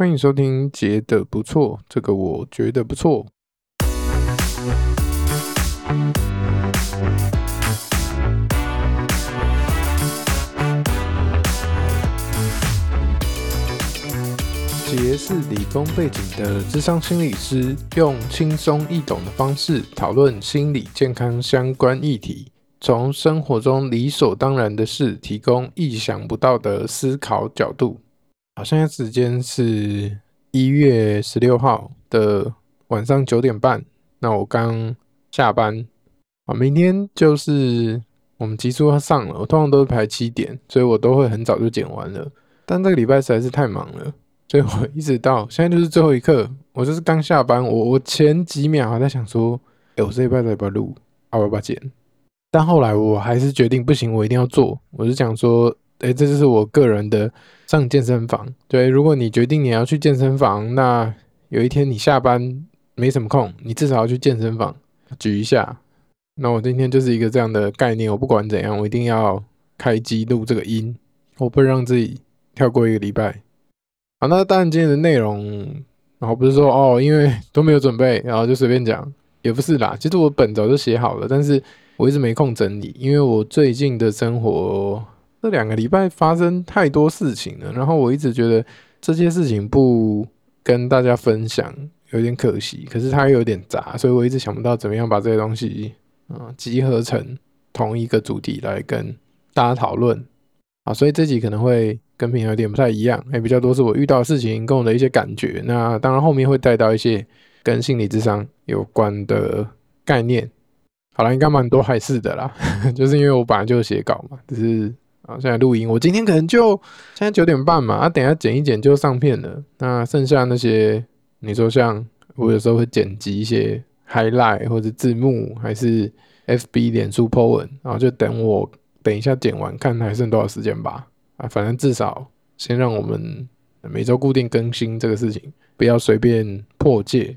歡迎收聽，傑得不錯，這個我覺得不錯。杰是理工背景的諮商心理師，用輕鬆易懂的方式討論心理健康相關議題，從生活中理所當然的事，提供意想不到的思考角度。好，現在時間是一月十六號的晚上九點半。那我剛下班。啊，明天就是我們集數要上了。我通常都是排七點，所以我都會很早就剪完了。但這個禮拜實在是太忙了，所以我一直到現在就是最後一刻，我就是剛下班，我我前幾秒還在想說，哎、欸，我這禮拜要、啊、不要錄？要不要剪？但後來我還是決定不行，我一定要做。我就想說。哎、欸，這就是我個人的上健身房。對，如果你決定你要去健身房，那有一天你下班沒什麼空，你至少要去健身房舉一下。那我今天就是一個這樣的概念，我不管怎樣，我一定要開機錄這個音，我不能讓自己跳過一個禮拜。好，那當然今天的內容，然後不是說哦，因為都沒有準備，然後就隨便講，也不是啦。其實我本早就寫好了，但是我一直沒空整理，因為我最近的生活。這兩個禮拜發生太多事情了，然後我一直覺得這些事情不跟大家分享有點可惜，可是它又有點雜，所以我一直想不到怎麼樣把這些東西啊、呃、集合成同一個主題來跟大家討論啊，所以這集可能會跟平常有點不太一樣，哎、比較多是我遇到的事情跟我的一些感覺。那當然後面會帶到一些跟心理諮商有關的概念。好了，應該蠻多還是的啦，就是因為我本來就寫稿嘛，只是。好，現在錄音。我今天可能就現在九點半嘛，啊，等一下剪一剪就上片了。那剩下那些，你說像我有時候會剪輯一些 highlight 或者字幕，還是 FB 臉書 po 文，然後就等我等一下剪完，看還剩多少時間吧。啊，反正至少先讓我們每周固定更新這個事情，不要隨便破戒。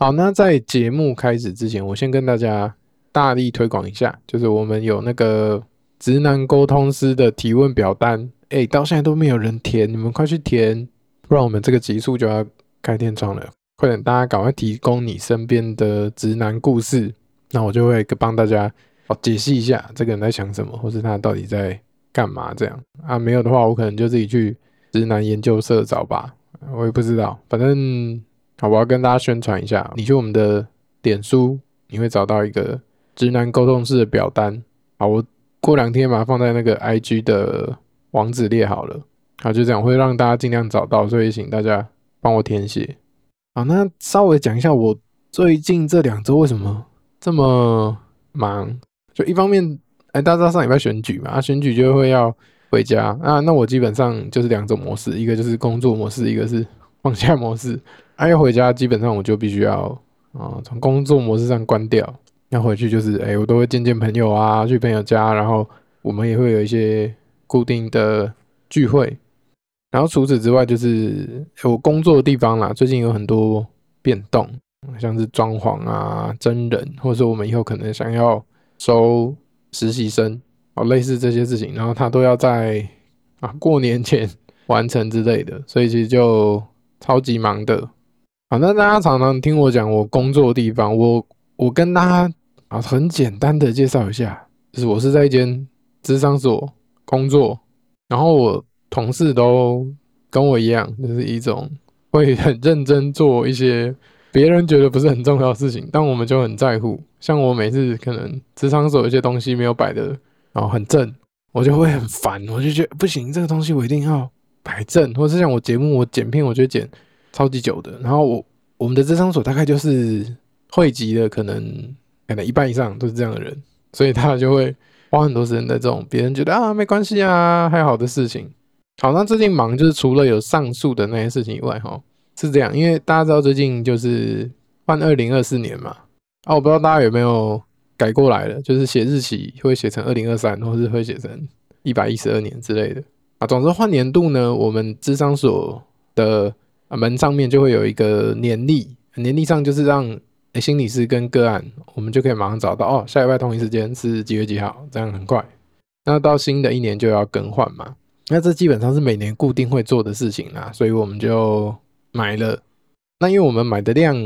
好，那在節目開始之前，我先跟大家大力推廣一下，就是我們有那個。直男溝通師的提問表單，哎、欸，到現在都沒有人填，你們快去填，不然我們這個集數就要開天窗了。快點，大家趕快提供你身邊的直男故事，那我就會幫大家哦，解析一下這個人在想什麼，或是他到底在幹嘛這樣啊。沒有的話，我可能就自己去直男研究社找吧，我也不知道。反正好，我要跟大家宣傳一下，你去我們的臉書，你會找到一個直男溝通師的表單，好，我。過兩天把它放在那個 I G 的網址列好了，好、啊、就這樣會讓大家盡量找到，所以請大家幫我填寫。好、啊，那稍微講一下我最近這兩周為什麼這麼忙，就一方面，哎、欸，大家知道上禮拜選舉嘛，啊，選舉就會要回家，啊，那我基本上就是兩種模式，一個就是工作模式，一個是放假模式。啊，要回家基本上我就必須要啊，從工作模式上關掉。那回去就是，哎、欸，我都會見見朋友啊，去朋友家，然後我們也會有一些固定的聚會。然後除此之外，就是我工作的地方啦。最近有很多變動，像是裝潢啊、增人，或者說我們以後可能想要收實習生啊，類似這些事情。然後他都要在啊過年前完成之類的，所以其實就超級忙的。反正大家常常聽我講我工作的地方，我我跟他。啊，很簡單的介紹一下，就是我是在一間諮商所工作，然後我同事都跟我一樣，就是一種會很認真做一些別人覺得不是很重要的事情， 但我們就很在乎。像我每次可能諮商所有一些東西沒有擺的，然後很正，我就會很煩，我就覺得不行，這個東西我一定要擺正。或者是像我節目，我剪片，我覺得剪超級久的。然後我我們的諮商所大概就是匯集了可能。可能一半以上都是這樣的人，所以他就會花很多時間在這種別人覺得啊，沒關係啊，還好的事情。好、啊，那最近忙就是除了有上述的那些事情以外，哈，是這樣，因為大家知道最近就是換二零二四年嘛，啊，我不知道大家有沒有改過來了，就是寫日期會寫成二零二三，或是會寫成一百一十二年之類的啊。總之換年度呢，我們諮商所的門上面就會有一個年曆，年曆上就是讓。欸、心理師跟個案，我們就可以馬上找到哦。下禮拜同一時間是幾月幾號？這樣很快。那到新的一年就要更換嘛，那這基本上是每年固定會做的事情啦，所以我們就買了。那因為我們買的量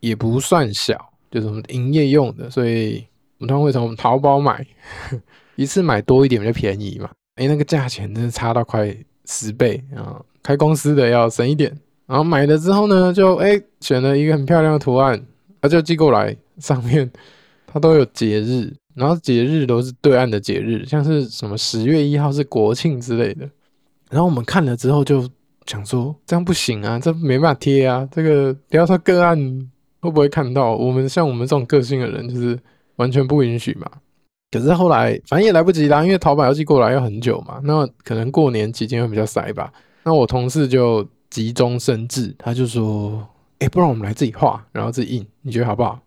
也不算小，就是我們營業用的，所以我們通常會從我們淘寶買， 一次買多一點比較便宜嘛。誒、欸、那個價錢真是差到快十倍啊！開公司的要省一點。然後買了之後呢，就誒、欸、選了一個很漂亮的圖案。他就寄過來，上面他都有節日，然後節日都是對岸的節日，像是什麼十月一號是國慶之類的。然後我們看了之後就想說，這樣不行啊，這沒辦法貼啊，這個不要說個案會不會看到，我們像我們這種個性的人就是完全不允許嘛。可是後來反正也來不及啦，因為淘寶要寄過來要很久嘛，那可能過年期間會比較塞吧。那我同事就急中生智，他就說。哎、欸，不然我們來自己畫，然後自己印，你覺得好不好？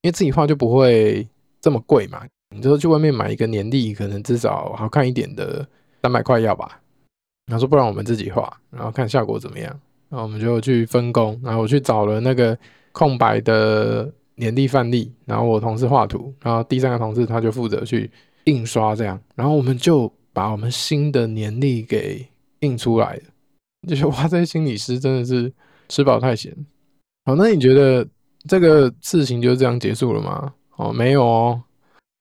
因為自己畫就不會這麼貴嘛。你就說去外面買一個年曆，可能至少好看一點的，三百塊要吧。然後說，不然我們自己畫，然後看效果怎麼樣。然後我們就去分工，然後我去找了那個空白的年曆範例，然後我同事畫圖，然後第三個同事他就負責去印刷這樣。然後我們就把我們新的年曆給印出來，就你說哇，這心理師真的是吃飽太閒。好，那你覺得這個事情就這樣結束了嗎？哦，沒有哦。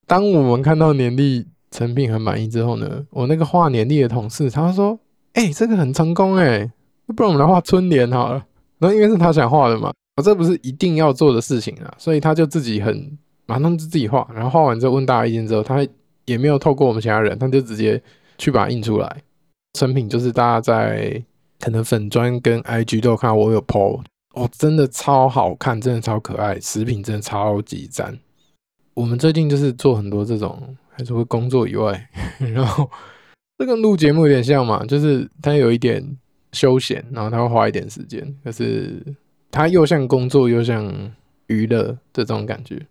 當我們看到年曆成品很滿意之後呢，我那個畫年曆的同事他說：“哎、欸，這個很成功哎，不然我們來畫春聯好了。”那因為是他想畫的嘛，我、哦、這不是一定要做的事情啊，所以他就自己很馬上就自己畫，然後畫完之後問大家意見之後，他也沒有透過我們其他人，他就直接去把它印出來。成品就是大家在可能粉專跟 IG 都有看到我有 po。哦，真的超好看，真的超可愛，食品真的超級讚。我們最近就是做很多這種，還是會工作以外， 然後這個錄節目有點像嘛，就是它有一點休閒，然後他會花一點時間，可是他又像工作又像娛樂這種感覺。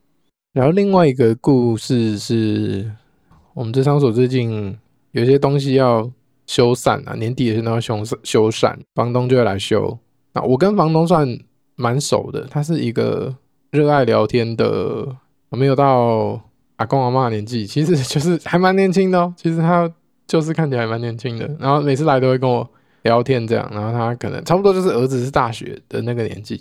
然後另外一個故事是，我們這場所最近有些東西要修繕了，啊，年底的時候要修繕，修繕房東就要來修。我跟房東算蠻熟的，他是一個熱愛聊天的，沒有到阿公阿媽年紀，其實就是還蠻年輕的哦、喔。其實他就是看起來蠻年輕的，然後每次來都會跟我聊天這樣，然後他可能差不多就是兒子是大學的那個年紀。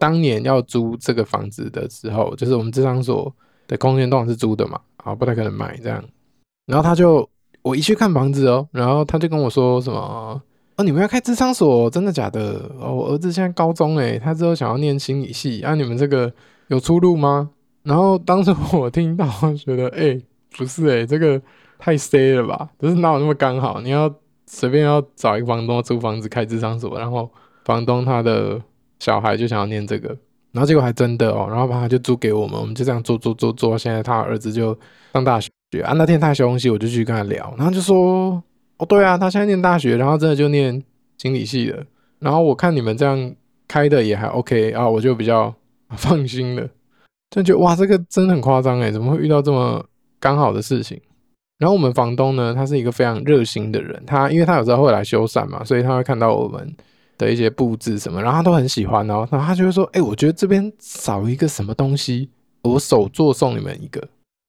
當年要租這個房子的時候，就是我們這場所的空間當然是租的嘛，啊不太可能買這樣。然後他就我一去看房子哦、喔，然後他就跟我說什麼？哦，你們要開諮商所，真的假的？哦，我兒子現在高中哎，他之後想要念心理系，啊，你們這個有出路嗎？然後當時我聽到，覺得哎、欸，不是哎，這個太 C 了吧？不是哪有那麼剛好？你要隨便要找一個房東租房子開諮商所，然後房東他的小孩就想要念這個，然後結果還真的哦、喔，然後把他就租給我們，我們就這樣做做做做。現在他兒子就上大學啊。那天他學東西，我就去跟他聊，然後就說。哦、oh，對啊，他現在念大學，然後真的就念經理系的。然後我看你們這樣開的也還 OK 啊，我就比較放心了。就覺得哇，這個真的很誇張哎，怎麼會遇到這麼剛好的事情？然後我們房東呢，他是一個非常熱心的人，他因為他有時候會來修繕嘛，所以他會看到我們的一些布置什麼，然後他都很喜歡，然後他就會說：“哎、欸，我覺得這邊少一個什麼東西，我手作送你們一個。”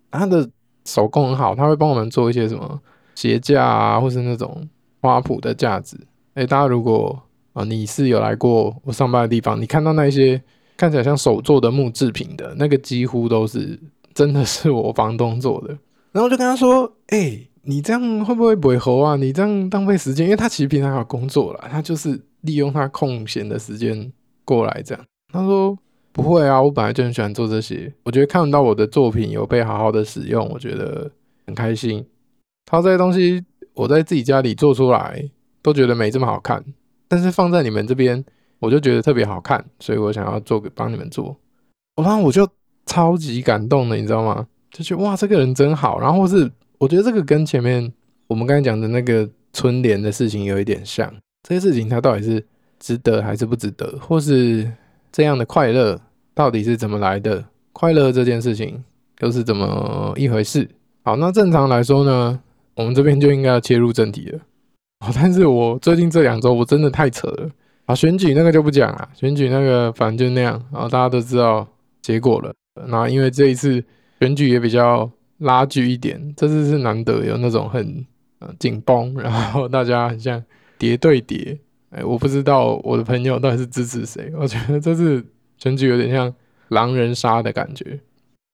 他的手工很好，他會幫我們做一些什麼。鞋架啊，或是那種花圃的架子，欸，大家如果啊，你是有來過我上班的地方，你看到那些看起來像手做的木制品的，那個幾乎都是真的是我房東做的。然後我就跟他說，哎、欸，你這樣會不會不會吼啊？你這樣浪費時間，因為他其實平常還有工作啦，他就是利用他空閒的時間過來這樣。他說不會啊，我本來就很喜歡做這些，我覺得看到我的作品有被好好的使用，我覺得很開心。他這些東西我在自己家裡做出來都覺得沒這麼好看，但是放在你們這邊我就覺得特別好看，所以我想要做個幫你們做，然後我就超級感動的，你知道嗎？就覺得哇這個人真好。然後是我覺得這個跟前面我們剛才講的那個春聯的事情有一點像，這些事情它到底是值得還是不值得，或是這樣的快樂到底是怎麼來的？快樂這件事情又是怎麼一回事？好，那正常來說呢，我們這邊就應該要切入正題了。啊、哦，但是我最近這兩周我真的太扯了。啊，選舉那個就不講了，啊，選舉那個反正就那樣，然後大家都知道結果了。那、啊、因為這一次選舉也比較拉鋸一點，這次是難得有那種很，啊、緊繃，然後大家很像疊對疊，哎。我不知道我的朋友到底是支持誰。我覺得這次選舉有點像狼人殺的感覺。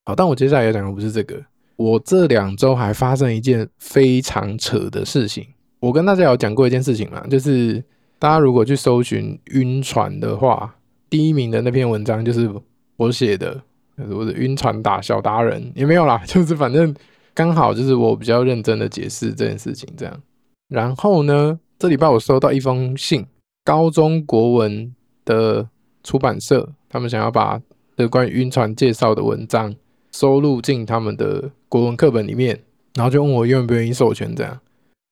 好，但我接下來要講的不是這個。我這兩周還發生一件非常扯的事情。我跟大家有講過一件事情嘛，就是大家如果去搜尋暈船的話，第一名的那篇文章就是我寫的，我的暈船打小達人也沒有啦，就是反正剛好就是我比較認真的解釋這件事情這樣。然後呢，這禮拜我收到一封信，高中國文的出版社，他們想要把這關於暈船介紹的文章，收錄進他們的國文課本裡面，然後就問我願不願意授權，這樣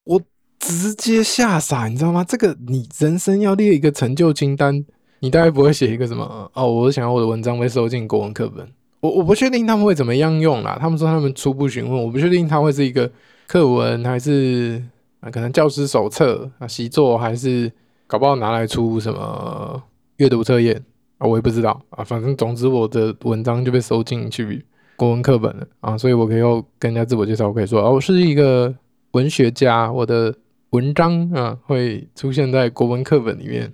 我直接嚇傻，你知道嗎？這個你人生要列一個成就清單，你大概不會寫一個什麼哦，我想要我的文章被收進國文課本，我我不確定他們會怎麼樣用啦。他們說他們初步詢問，我不確定他會是一個課文還是啊可能教師手冊啊習作，還是搞不好拿來出什麼閱讀測驗啊，我也不知道啊，反正總之我的文章就被收進去。國文課本啊，所以我可以又跟人家自我介紹，我可以說啊，我、哦、是一個文學家，我的文章啊會出現在國文課本裡面，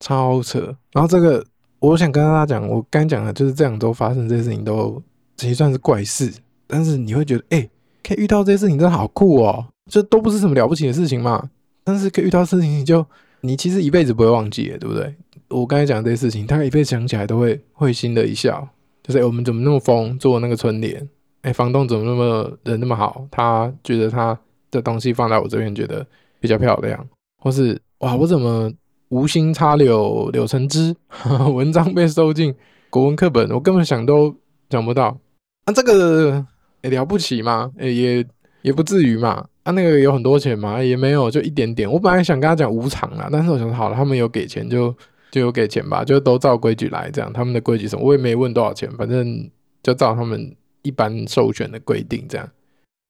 超扯。然後這個我想跟大家講，我剛剛講的就是這兩周發生這些事情都其實算是怪事，但是你會覺得哎、欸，可以遇到這些事情真的好酷哦、喔，這都不是什麼了不起的事情嘛。但是可以遇到事情，你就你其實一輩子不會忘記的，對不對？我剛才講這些事情，他一輩子想起來都會會心的一笑。就是、欸、我們怎麼那麼瘋做那個春聯？哎、欸，房東怎麼那麼人那麼好？他覺得他的東西放在我這邊，覺得比較漂亮。或是哇，我怎麼無心插柳柳成枝？ 文章被收進國文課本，我根本想都想不到。那、啊、這個、欸、了不起嘛，誒、欸，也也不至於嘛。啊，那個有很多錢嘛、欸，也沒有，就一點點。我本來想跟他講無償啦，但是我想好了，他們有給錢就。就有給錢吧，就都照規矩來，這樣他們的規矩什麼，我也沒問多少錢，反正就照他們一般授權的規定這樣。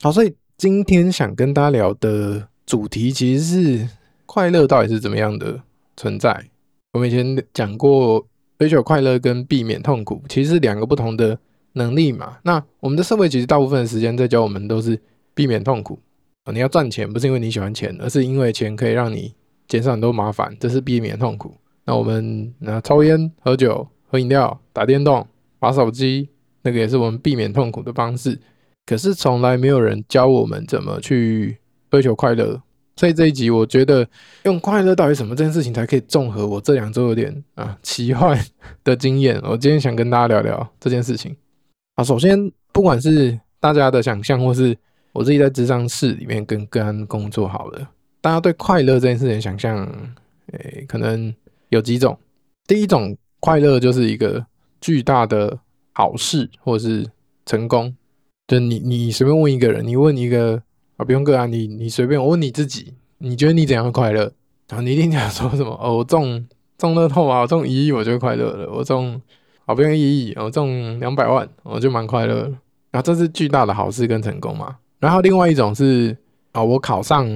好，所以今天想跟大家聊的主題其實是快樂到底是怎麼樣的存在。我們以前講過追求快樂跟避免痛苦其實是兩個不同的能力嘛。那我們的社會其實大部分的時間在教我們都是避免痛苦。哦，你要賺錢不是因為你喜歡錢，而是因為錢可以讓你減少很多麻煩，這是避免痛苦。那我們那抽煙、喝酒、喝飲料、打電動、玩手機，那個也是我們避免痛苦的方式。可是從來沒有人教我們怎麼去追求快樂。所以這一集，我覺得用快樂到底什麼這件事情，才可以綜合我這兩周有點啊奇幻的經驗。我今天想跟大家聊聊這件事情。啊，首先不管是大家的想象，或是我自己在諮商室裡面跟個案工作好了，大家對快樂這件事情的想象，哎、欸，可能。有幾種？第一種快樂就是一個巨大的好事，或者是成功。就你，你隨便問一個人，你問一個啊、哦，不用個案、啊，你你隨便，我問你自己，你覺得你怎樣快樂？啊，你一定想說什麼？哦，我中中樂透啊，我中一億，我就快樂了。我中啊、哦，不用一億，我中兩百萬，我就蠻快樂。然後這是巨大的好事跟成功嘛。然後另外一種是啊、哦，我考上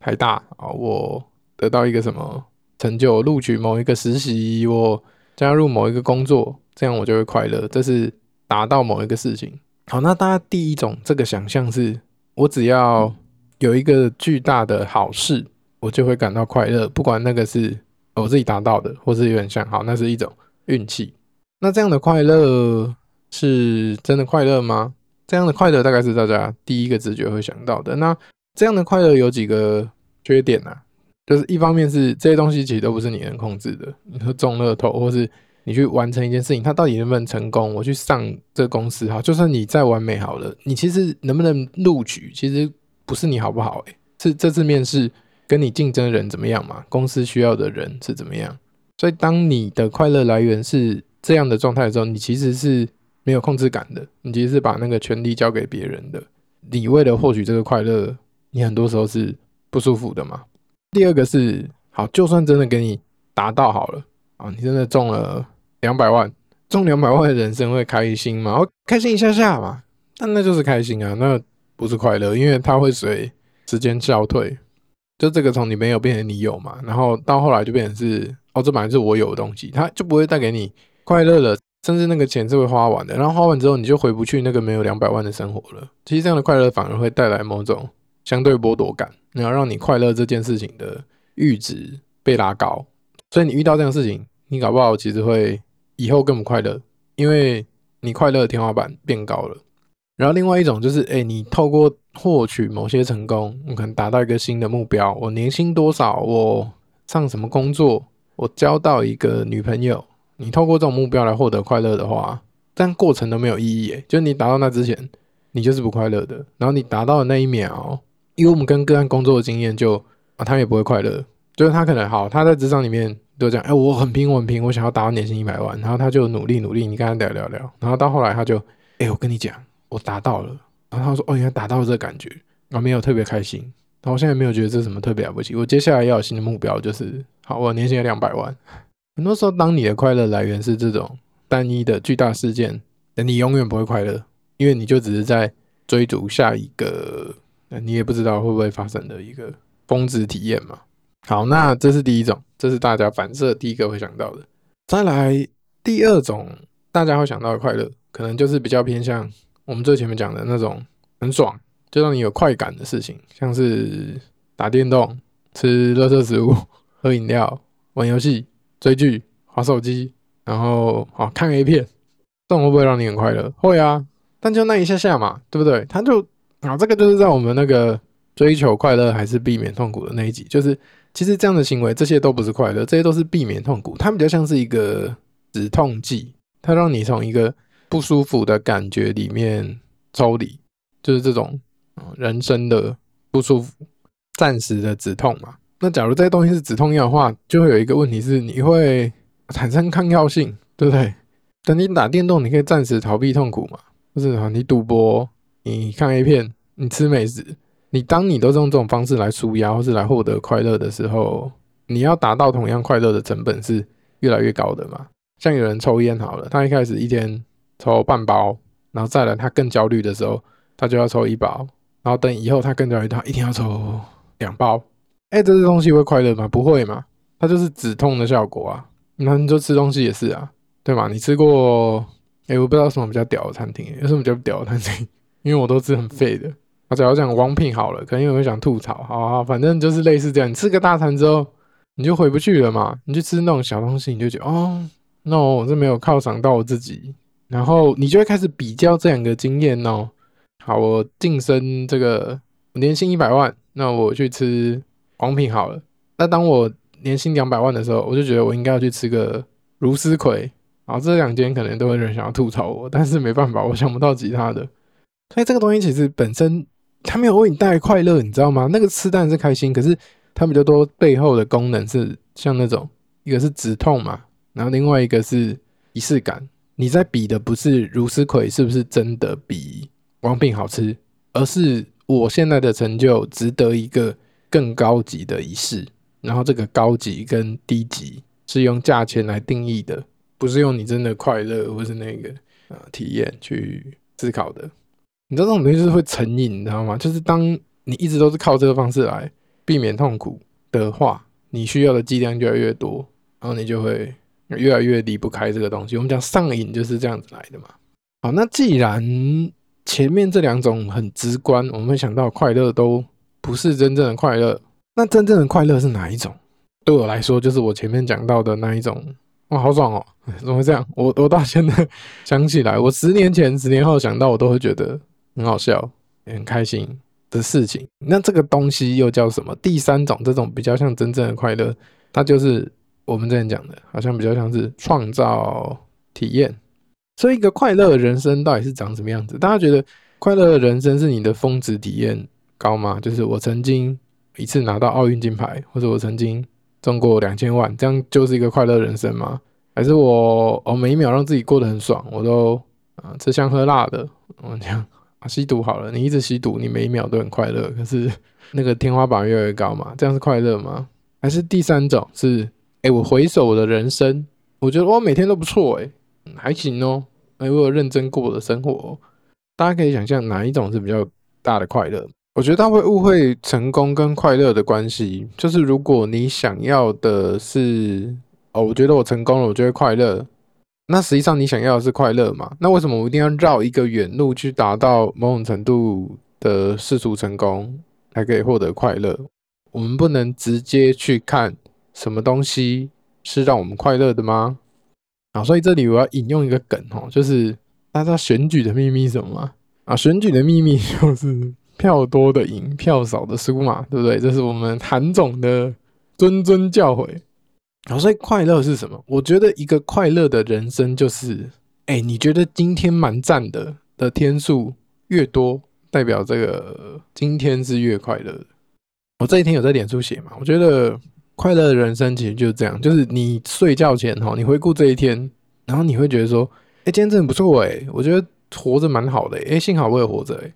台大啊、哦，我得到一個什麼？成就，錄取某一個實習，我加入某一個工作，這樣我就會快樂。這是達到某一個事情。好，那大家第一種這個想象是，我只要有一個巨大的好事，我就會感到快樂，不管那個是我自己達到的，或是有人想好，那是一種運氣。那這樣的快樂是真的快樂嗎？這樣的快樂大概是大家第一個直覺會想到的。那這樣的快樂有幾個缺點呢、啊？就是一方面是這些東西其實都不是你能控制的，你說中樂透，或是你去完成一件事情，它到底能不能成功？我去上這公司，哈，就算你再完美好了，你其實能不能錄取，其實不是你好不好、欸，誒是這次面試跟你競爭的人怎麼樣嘛？公司需要的人是怎麼樣？所以當你的快樂來源是這樣的狀態的時候，你其實是沒有控制感的，你其實是把那個權力交給別人的。你為了獲取這個快樂，你很多時候是不舒服的嘛？第二個是好，就算真的給你達到好了啊，你真的中了兩百萬，中兩百萬的人生會開心嗎？哦，開心一下下嘛，但那就是開心啊，那不是快樂，因為它會隨時間消退。就這個從你沒有變成你有嘛，然後到後來就變成是哦，這本來是我有的東西，它就不會帶給你快樂了，甚至那個錢是會花完的，然後花完之後你就回不去那個沒有兩百萬的生活了。其實這樣的快樂反而會帶來某種。相對剝奪感，然後讓你快樂這件事情的閾值被拉高，所以你遇到這樣的事情，你搞不好其實會以後更不快樂，因為你快樂的天花板變高了。然後另外一種就是，哎，你透過獲取某些成功，我可能達到一個新的目標，我年薪多少，我上什麼工作，我交到一個女朋友。你透過這種目標來獲得快樂的話，這樣過程都沒有意義，就你達到那之前，你就是不快樂的。然後你達到的那一秒。因為我們跟個案工作的經驗，就啊，他也不會快樂。就是他可能好，他在職場裡面就這樣，哎、欸，我很拼，我很拼，我想要達到年薪一百萬，然後他就努力努力，你跟他聊聊聊，然後到後來他就，哎、欸，我跟你講，我達到了，然後他說，哦，原來達到這個感覺，後、啊、沒有特別開心，然、啊、後我現在沒有覺得這什麼特別了不起，我接下來要有新的目標，就是好，我年薪有兩百萬。很多時候，當你的快樂來源是這種單一的巨大事件，那你永遠不會快樂，因為你就只是在追逐下一個。你也不知道會不會發生的一個峰值體驗嘛？好，那這是第一種，這是大家反射第一個會想到的。再來第二種，大家會想到的快樂，可能就是比較偏向我們最前面講的那種很爽，就讓你有快感的事情，像是打電動、吃垃圾食物、喝飲料、玩遊戲、追劇、滑手機，然後好，看 A 片，這種會不會讓你很快樂？會啊，但就那一下下嘛，對不對？他就。啊，這個就是在我們那個追求快樂還是避免痛苦的那一集，就是其實這樣的行為，這些都不是快樂，這些都是避免痛苦，它比較像是一個止痛劑，它讓你從一個不舒服的感覺裡面抽離，就是這種人生的不舒服，暫時的止痛嘛。那假如這些東西是止痛藥的話，就會有一個問題是你會產生抗藥性，對不對？等你打電動，你可以暫時逃避痛苦嘛，或者啊你賭博。你看 A 片，你吃美食，你當你都是用這種方式來紓壓或是來獲得快樂的時候，你要達到同樣快樂的成本是越來越高的嘛？像有人抽煙好了，他一開始一天抽半包，然後再來他更焦慮的時候，他就要抽一包，然後等以後他更焦慮，他一天要抽兩包。哎、欸，這些東西會快樂嗎？不會嘛，它就是止痛的效果啊。那你就吃東西也是啊，對嗎？你吃過？哎、欸，我不知道什麼比較屌的餐廳、欸，有什麼比較屌的餐廳？因為我都吃很廢的，他只要講王品好了，可能有人想吐槽好，啊，好啊，反正就是類似這樣。你吃個大餐之後，你就回不去了嘛。你去吃那種小東西，你就覺得哦，no，我是沒有犒賞到我自己。然後你就會開始比較這兩個經驗哦。好，我晉升這個，我年薪一百萬，那我去吃王品好了。那當我年薪兩百萬的時候，我就覺得我應該要去吃個茹絲葵，啊，這兩間可能都會有人想要吐槽我，但是沒辦法，我想不到其他的。所、欸、以這個東西其實本身它沒有為你帶來快樂，你知道嗎？那個吃蛋是開心，可是它比較多背後的功能是像那種，一個是止痛嘛，然後另外一個是儀式感。你在比的不是茹絲葵是不是真的比王品好吃，而是我現在的成就值得一個更高級的儀式。然後這個高級跟低級是用價錢來定義的，不是用你真的快樂或是那個呃、啊、體驗去思考的。你知道這種東西就是會成癮，你知道嗎？就是當你一直都是靠這個方式來避免痛苦的話，你需要的劑量就越來越多，然後你就會越來越離不開這個東西。我們講上癮就是這樣子來的嘛。好，那既然前面這兩種很直觀，我們會想到快樂都不是真正的快樂，那真正的快樂是哪一種？對我來說，就是我前面講到的那一種。哇，好爽哦！怎麼會這樣？我我到現在想起來，我十年前、十年後想到，我都會覺得。很好笑，也很開心的事情。那這個東西又叫什麼？第三種，這種比較像真正的快樂，它就是我們之前講的，好像比較像是創造體驗。所以，一個快樂的人生到底是長什麼樣子？大家覺得快樂的人生是你的峰值體驗高嗎？就是我曾經一次拿到奧運金牌，或者我曾經中過兩千萬，這樣就是一個快樂人生嗎？還是我，我每一秒讓自己過得很爽，我都啊吃香喝辣的，我這樣。啊，吸毒好了，你一直吸毒，你每一秒都很快樂。可是那個天花板越來越高嘛，這樣是快樂嗎？還是第三種是，哎、欸，我回首我的人生，我覺得哇，每天都不錯、欸，誒、嗯。還行哦、喔，哎、欸，我有認真過我的生活、喔。大家可以想象哪一種是比較大的快樂？我覺得他會誤會成功跟快樂的關係，就是如果你想要的是，哦，我覺得我成功了，我就會快樂。那實際上你想要的是快樂嘛？那為什麼我一定要繞一個遠路去達到某種程度的世俗成功，才可以獲得快樂？我們不能直接去看什麼東西是讓我們快樂的嗎？啊，所以這裡我要引用一個梗哦，就是大家選舉的秘密是什麼嗎？啊，選舉的秘密就是票多的贏，票少的輸嘛，對不對？這是我們韓總的諄諄教誨。然後，所以快樂是什麼？我覺得一個快樂的人生就是，哎，你覺得今天蠻讚的的天數越多，代表這個今天是越快樂。我這一天有在臉書寫嘛？我覺得快樂的人生其實就是這樣，就是你睡覺前哈，你回顧這一天，然後你會覺得說，哎，今天真的不錯哎，我覺得活着蠻好的哎，幸好我也活着哎，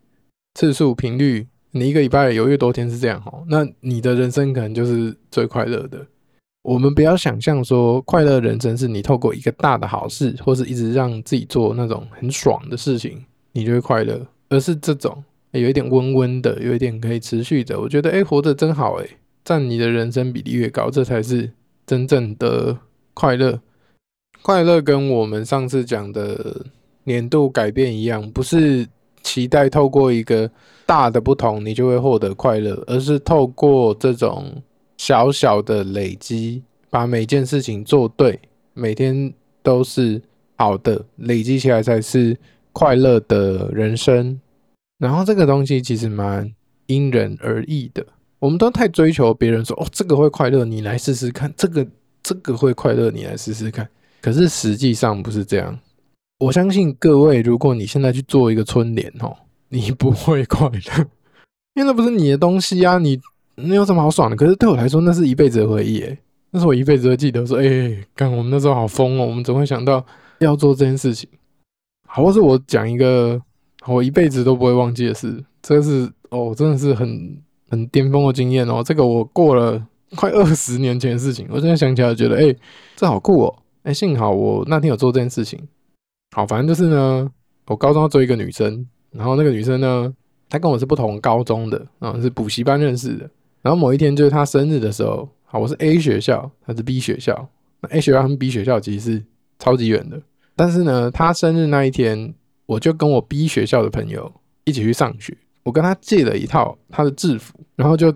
次數頻率，你一個禮拜有越多天是這樣哈，那你的人生可能就是最快樂的。我們不要想象說快樂人生是你透過一個大的好事，或是一直讓自己做那種很爽的事情，你就會快樂，而是這種、欸、有一點溫溫的，有一點可以持續的，我覺得誒、欸，活着真好誒、欸，佔你的人生比例越高，這才是真正的快樂。快樂跟我們上次講的年度改變一樣，不是期待透過一個大的不同你就會獲得快樂，而是透過這種。小小的累積，把每件事情做對，每天都是好的，累積起來才是快樂的人生。然後這個東西其實蠻因人而異的，我們都太追求別人說哦，這個會快樂，你來試試看，這個這個會快樂，你來試試看。可是實際上不是這樣，我相信各位，如果你現在去做一個春聯哦，你不會快樂，因為那不是你的東西啊，你。那有什麼好爽的？可是對我來說，那是一輩子的回憶。誒，那是我一輩子都記得說，哎、欸，看我們那時候好瘋哦，我們總會想到要做這件事情。好，或是我講一個我一輩子都不會忘記的事。這個是哦，真的是很很巔峰的經驗哦。這個我過了快二十年前的事情，我現在想起來覺得，哎、欸，這好酷哦。哎、欸，幸好我那天有做這件事情。好，反正就是呢，我高中要追一個女生，然後那個女生呢，她跟我是不同高中的，啊，是補習班認識的。然後某一天就是他生日的時候，好，我是 A 學校，他是 B 學校，那 A 學校跟 B 學校其實是超級遠的。但是呢，他生日那一天，我就跟我 B 學校的朋友一起去上學，我跟他借了一套他的制服，然後就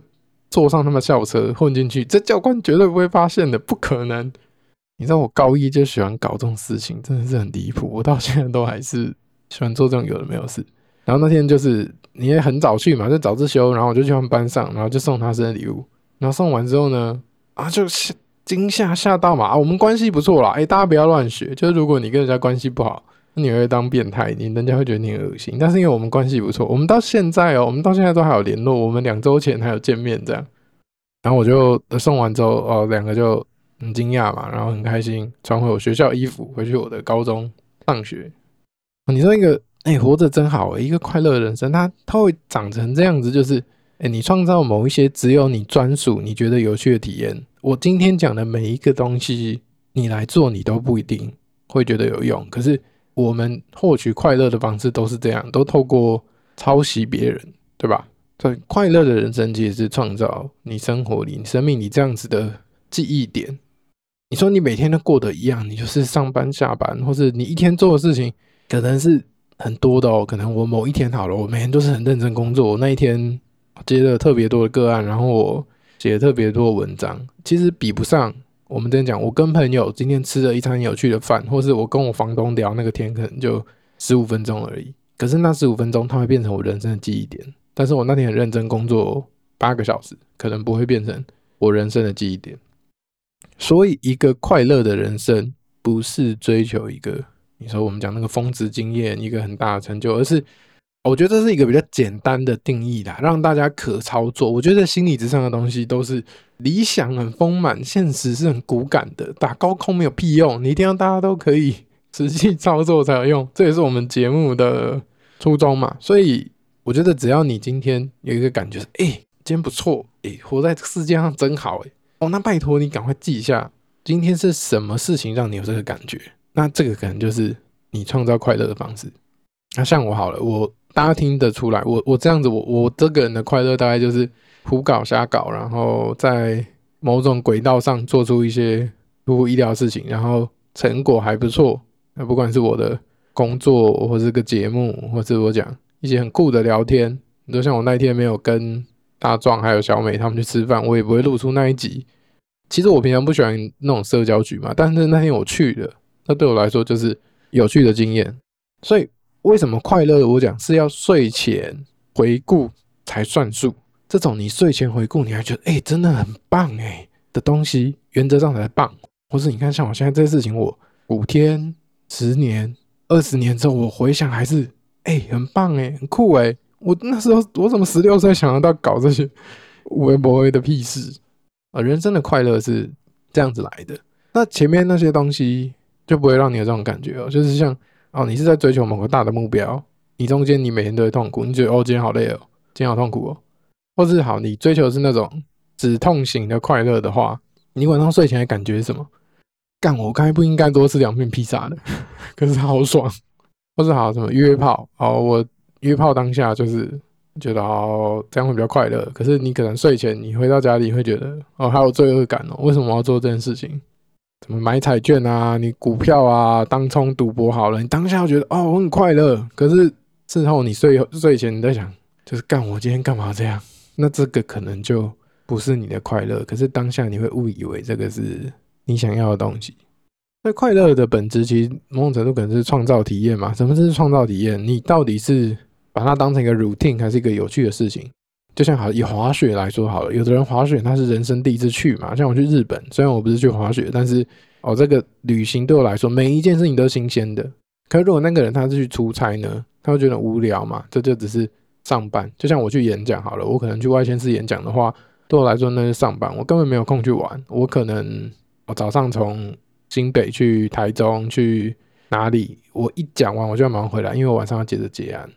坐上他們校車混進去，這教官絕對不會發現的，不可能。你知道我高一就喜歡搞這種事情，真的是很離譜，我到現在都還是喜歡做這種有的沒有事。然後那天就是。你也很早去嘛，就早自修，然後我就去他們班上，然後就送他生日禮物，然後送完之後呢，啊，就嚇驚嚇嚇到嘛、啊。我們關係不錯啦，哎，大家不要亂學，就是如果你跟人家關係不好，你會當變態，你人家會覺得你很噁心。但是因為我們關係不錯，我們到現在哦，我們到現在都還有聯絡，我們兩周前還有見面這樣。然後我就送完之後哦、呃，兩個就很驚訝嘛，然後很開心，穿回我學校衣服回去我的高中上學。啊、你說那個。哎、欸，活着真好、欸，一個快樂的人生，它它會長成這樣子，就是哎、欸，你創造某一些只有你專屬、你覺得有趣的體驗。我今天講的每一個東西，你來做，你都不一定會覺得有用。可是我們獲取快樂的方式都是這樣，都透過抄襲別人，對吧？對，快樂的人生其實是創造你生活裡、生命裡這樣子的記憶點。你說你每天都過得一樣，你就是上班、下班，或是你一天做的事情可能是。很多的哦，可能我某一天好了，我每天都是很認真工作。我那一天接了特別多的個案，然後我寫了特別多文章，其實比不上我們這樣講，我跟朋友今天吃了一餐有趣的飯，或是我跟我房東聊那個天，可能就十五分鐘而已。可是那十五分鐘，它會變成我人生的記憶點。但是我那天很認真工作八個小時，可能不會變成我人生的記憶點。所以，一個快樂的人生不是追求一個。你說我們講那個峰值經驗，一個很大的成就，而是我覺得這是一個比較簡單的定義啦，讓大家可操作。我覺得心理之上的東西都是理想很豐滿，現實是很骨感的，打高空沒有屁用，你一定要大家都可以實際操作才有用。這也是我們節目的初衷嘛。所以我覺得只要你今天有一個感覺是，哎、欸，今天不錯，哎、欸，活在這個世界上真好、欸，哦，那拜託你趕快記一下，今天是什麼事情讓你有這個感覺。那這個可能就是你創造快樂的方式。那像我好了，我大家聽得出來，我我這樣子，我我這個人的快樂大概就是胡搞瞎搞，然後在某種軌道上做出一些出乎意料的事情，然後成果還不錯。那不管是我的工作，或是個節目，或是我講一些很酷的聊天。你就像我那天沒有跟大壯還有小美他們去吃飯，我也不會錄出那一集。其實我平常不喜歡那種社交局嘛，但是那天我去了。那對我來說就是有趣的經驗，所以為什麼快樂？我講是要睡前回顧才算數。這種你睡前回顧，你還覺得哎、欸，真的很棒哎的東西，原則上才棒。或是你看，像我現在這些事情，我五天、十年、二十年之後，我回想還是哎、欸，很棒哎，很酷哎。我那時候我怎麼十六歲想得到搞這些有的沒的屁事啊？人生的快樂是這樣子來的。那前面那些東西。就不會讓你有這種感覺哦，就是像哦，你是在追求某個大的目標，你中間你每天都會痛苦，你覺得哦，今天好累哦，今天好痛苦哦。或是好，你追求的是那種止痛型的快樂的話，你晚上睡前的感覺是什麼？幹我剛才不應該多吃兩片披薩的呵呵，可是好爽。或是好什麼約炮，哦，我約炮當下就是覺得哦，這樣會比較快樂，可是你可能睡前你回到家裡會覺得哦，還有罪惡感哦，為什麼我要做這件事情？什麼買彩券啊？你股票啊、當沖賭博好了，你當下就覺得哦，我很快樂。可是事後你睡睡前你在想，就是幹我今天幹嘛這樣？那這個可能就不是你的快樂。可是當下你會誤以為這個是你想要的東西。那快樂的本質其實某種程度可能是創造體驗嘛？什麼是創造體驗？你到底是把它當成一個 routine 還是一個有趣的事情？就像好，以滑雪來說好了，有的人滑雪他是人生第一次去嘛，像我去日本，雖然我不是去滑雪，但是我、哦、這個旅行對我來說每一件事情都是新鮮的。可是如果那個人他是去出差呢，他會覺得無聊嘛，這就只是上班。就像我去演講好了，我可能去外縣市演講的話，對我來說那是上班，我根本沒有空去玩。我可能我早上從新北去台中去哪裡，我一講完我就要馬上回來，因為我晚上要接着接案。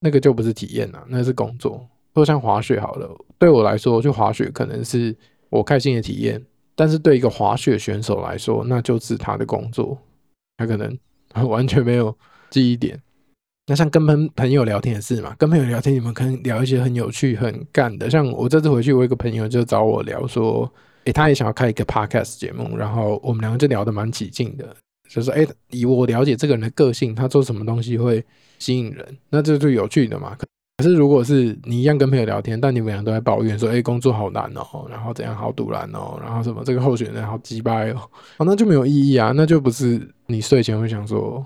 那個就不是體驗了，那個、是工作。說像滑雪好了，對我來說，就滑雪可能是我開心的體驗。但是對一個滑雪選手來說，那就是他的工作，他可能完全沒有記憶點。那像跟朋朋友聊天的事嘛，跟朋友聊天，你們可能聊一些很有趣、很乾的。像我這次回去，我有一個朋友就找我聊說，誒、欸，他也想要開一個 podcast 節目，然後我們兩個就聊得蠻起勁的，就是誒、欸，以我了解這個人的個性，他做什麼東西會吸引人，那這就有趣的嘛。可是，如果是你一樣跟朋友聊天，但你們倆都在抱怨說：“哎、欸，工作好難哦、喔，然後怎樣好賭爛哦，然後什麼這個候選人好雞掰哦、喔啊，那就沒有意義啊，那就不是你睡前會想說，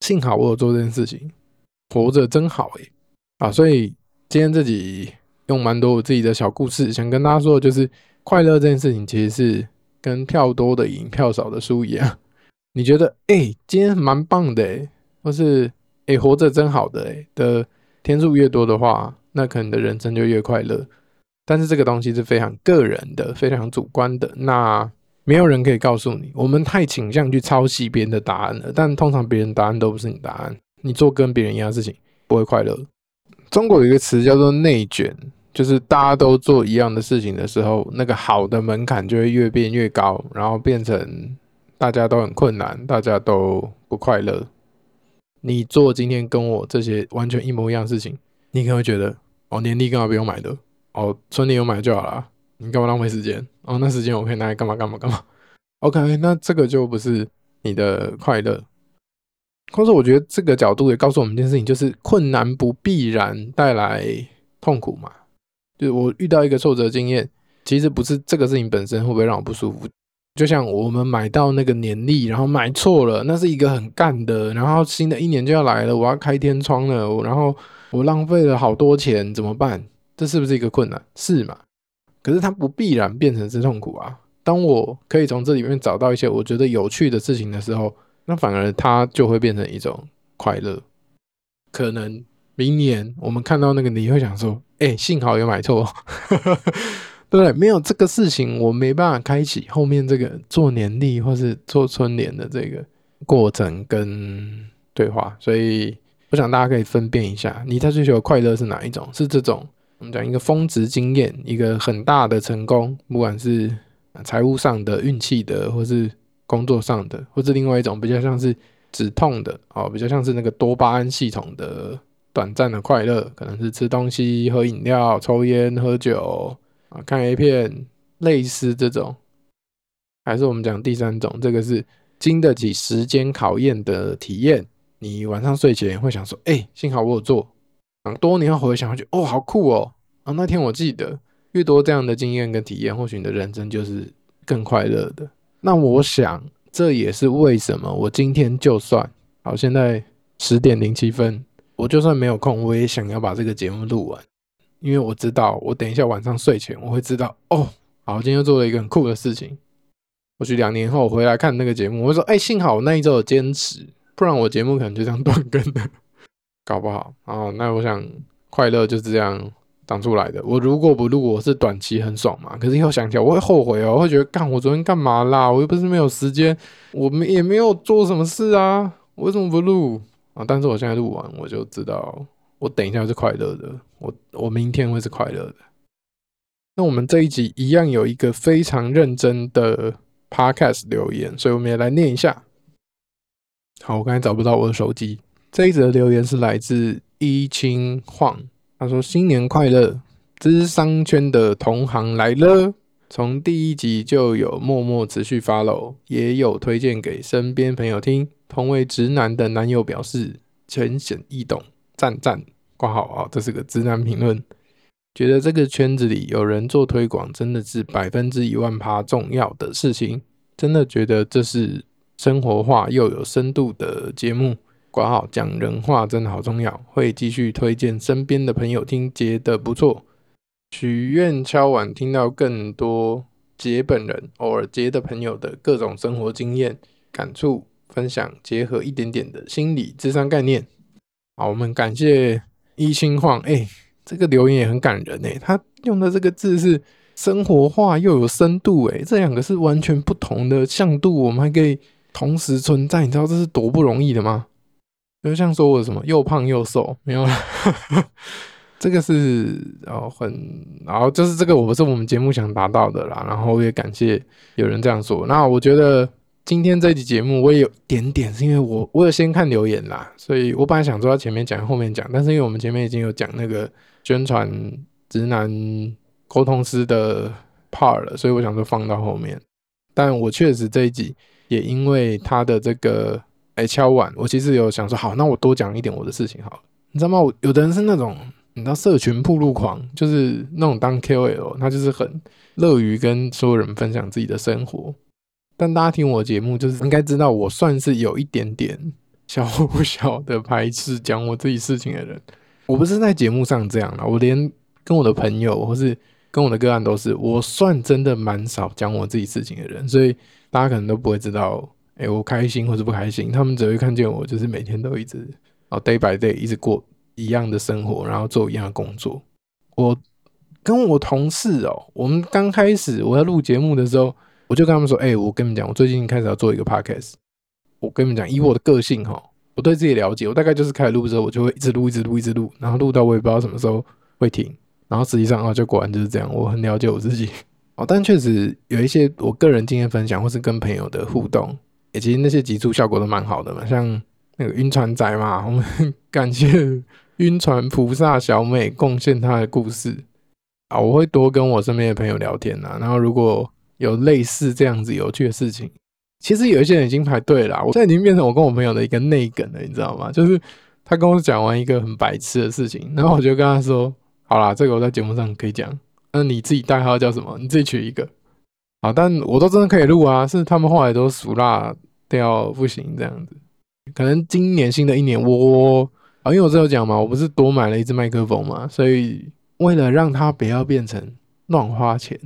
幸好我有做這件事情，活着真好哎、欸、啊！”所以今天這集用蠻多我自己的小故事，想跟大家說的，就是快樂這件事情其實是跟票多的贏、票少的輸一樣。你覺得，哎、欸，今天蠻棒的、欸、或是哎、欸，活着真好的、欸、的。天數越多的話，那可能的人生就越快樂。但是這個東西是非常個人的、非常主觀的，那沒有人可以告訴你。我們太傾向去抄襲別人的答案了，但通常別人答案都不是你答案。你做跟別人一樣的事情，不會快樂。中國有一個詞叫做內卷，就是大家都做一樣的事情的時候，那個好的門檻就會越變越高，然後變成大家都很困難，大家都不快樂。你做今天跟我這些完全一模一樣的事情，你可能會覺得哦，年曆幹嘛不用買的，哦，春節有買就好啦，你幹嘛浪費時間？哦，那時間我可以拿來幹嘛幹嘛幹嘛？OK，那這個就不是你的快樂。或者我覺得這個角度也告訴我們一件事情，就是困難不必然帶來痛苦嘛。就我遇到一個挫折經驗，其實不是這個事情本身會不會讓我不舒服。就像我們買到那個年曆，然後買錯了，那是一個很幹的。然後新的一年就要來了，我要開天窗了，然後我浪費了好多錢，怎麼辦？這是不是一個困難？是嘛？可是它不必然變成是痛苦啊。當我可以從這裡面找到一些我覺得有趣的事情的時候，那反而它就會變成一種快樂。可能明年我們看到那個，你會想說：哎、欸，幸好有買錯。 對，沒有這個事情，我沒辦法開啟後面這個做年曆或是做春聯的這個過程跟對話，所以我想大家可以分辨一下，你在追求快樂是哪一種？是這種我們講一個峰值經驗，一個很大的成功，不管是財務上的、運氣的，或是工作上的，或是另外一種比較像是止痛的啊、哦，比較像是那個多巴胺系統的短暫的快樂，可能是吃東西、喝飲料、抽菸、喝酒。啊，看 A 片，類似這種，還是我們講第三種，這個是經得起時間考驗的體驗。你晚上睡前會想說，哎、欸，幸好我有做，想、啊，多年回想回去，哦，好酷哦！啊，那天我記得，越多這樣的經驗跟體驗，或許你的人生就是更快樂的。那我想，這也是為什麼我今天就算，好，現在十點零七分，我就算沒有空，我也想要把這個節目錄完。因為我知道，我等一下晚上睡前我會知道哦。好，今天又做了一個很酷的事情。或許兩年後回來看那個節目，我會說：哎、欸，幸好那一周有堅持，不然我節目可能就這樣斷更了，搞不好啊。那我想，快樂就是這樣長出來的。我如果不錄，我是短期很爽嘛，可是又想起來我會後悔哦，我會覺得：幹，我昨天幹嘛啦？我又不是沒有時間，我們也沒有做什麼事啊，我為什麼不錄啊？但是我現在錄完，我就知道。我等一下是快樂的，我我明天會是快樂的。那我們這一集一樣有一個非常認真的 podcast 留言，所以我們也來念一下。好，我剛才找不到我的手機。這一則留言是來自一清晃，他說：“新年快樂，諮商圈的同行來了，從第一集就有默默持續 follow，也有推薦給身邊朋友聽。同為直男的男友表示，淺顯易懂，讚讚。”括號啊，這是個直男評論，覺得這個圈子裡有人做推廣，真的是百分之一萬趴重要的事情，真的覺得這是生活化又有深度的節目。括號講人話真的好重要，會繼續推薦身邊的朋友聽，覺得不錯。許願敲碗，聽到更多杰本人，偶爾杰的朋友的各種生活經驗、感觸分享，結合一點點的心理諮商概念。好，我們感謝。一心晃，哎、欸，這個留言也很感人哎、欸。他用的這個字是生活化又有深度哎、欸，這兩個是完全不同的向度，我們還可以同時存在。你知道這是多不容易的嗎？就像說我有什麼又胖又瘦，沒有啦。 這個是哦，很然後就是這個，我不是我們節目想達到的啦。然後也感謝有人這樣說。那我覺得。今天這集節目，我也有一點點是因為我，我有先看留言啦，所以我本來想說到前面講，後面講，但是因為我們前面已經有講那個宣傳直男溝通師的 part 了，所以我想說放到後面。但我確實這一集也因為他的這個哎敲碗，我其實有想說好，那我多講一點我的事情好了，你知道嗎？我有的人是那種，你知道社群暴露狂，就是那種當 KOL，他就是很樂於跟所有人分享自己的生活。但大家聽我節目，就是應該知道我算是有一點點小不小的排斥講我自己事情的人。我不是在節目上這樣了，我連跟我的朋友或是跟我的個案都是，我算真的蠻少講我自己事情的人。所以大家可能都不會知道，哎、欸，我開心或是不開心，他們只會看見我就是每天都一直 day by day，一直過一樣的生活，然後做一樣的工作。我跟我同事哦、喔，我們剛開始我在錄節目的時候。我就跟他們說：“哎、欸，我跟你們講，我最近開始要做一個 podcast。我跟你們講，以我的個性哈，我對自己了解，我大概就是開始錄的時候，我就會一直錄、一直錄、一直錄，然後錄到我也不知道什麼時候會停。然後實際上啊，就果然就是這樣。我很了解我自己哦，但確實有一些我個人經驗分享，或是跟朋友的互動，其實那些集數效果都蠻好的嘛。像那個暈船仔嘛，我們 感謝暈船菩薩小美貢獻她的故事啊。我會多跟我身邊的朋友聊天吶，然後如果……有類似這樣子有趣的事情，其實有一些人已經排隊了啦。我現在已經變成我跟我朋友的一個內梗了，你知道嗎？就是他跟我講完一個很白痴的事情，然後我就跟他說：“好啦，這個我在節目上可以講。那你自己代號叫什麼？你自己取一個。”好，但我都真的可以錄啊。是他們後來都熟辣掉不行這樣子。可能今年新的一年，我、哦、因為我這樣講嘛，我不是多買了一支麥克風嘛，所以為了讓它不要變成亂花錢。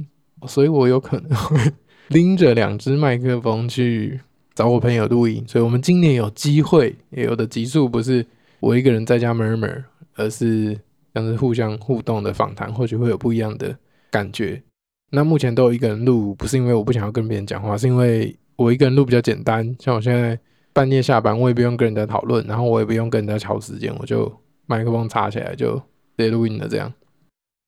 所以我有可能會 拎着兩只麥克風去找我朋友錄音，所以我們今年有機會，也有的集數不是我一個人在家 murmur 而是像是互相互動的訪談，或許會有不一樣的感覺。那目前都有一個人錄，不是因為我不想要跟別人講話，是因為我一個人錄比較簡單。像我現在半夜下班，我也不用跟人家討論，然後我也不用跟人家敲時間，我就麥克風插起來就直接錄音了。這樣。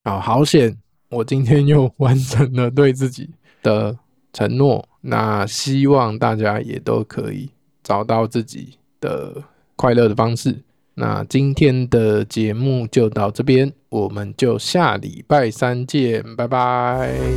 啊，好險！我今天又完成了對自己的承諾，那希望大家也都可以找到自己的快樂的方式。那今天的節目就到這邊，我們就下禮拜三見，拜拜！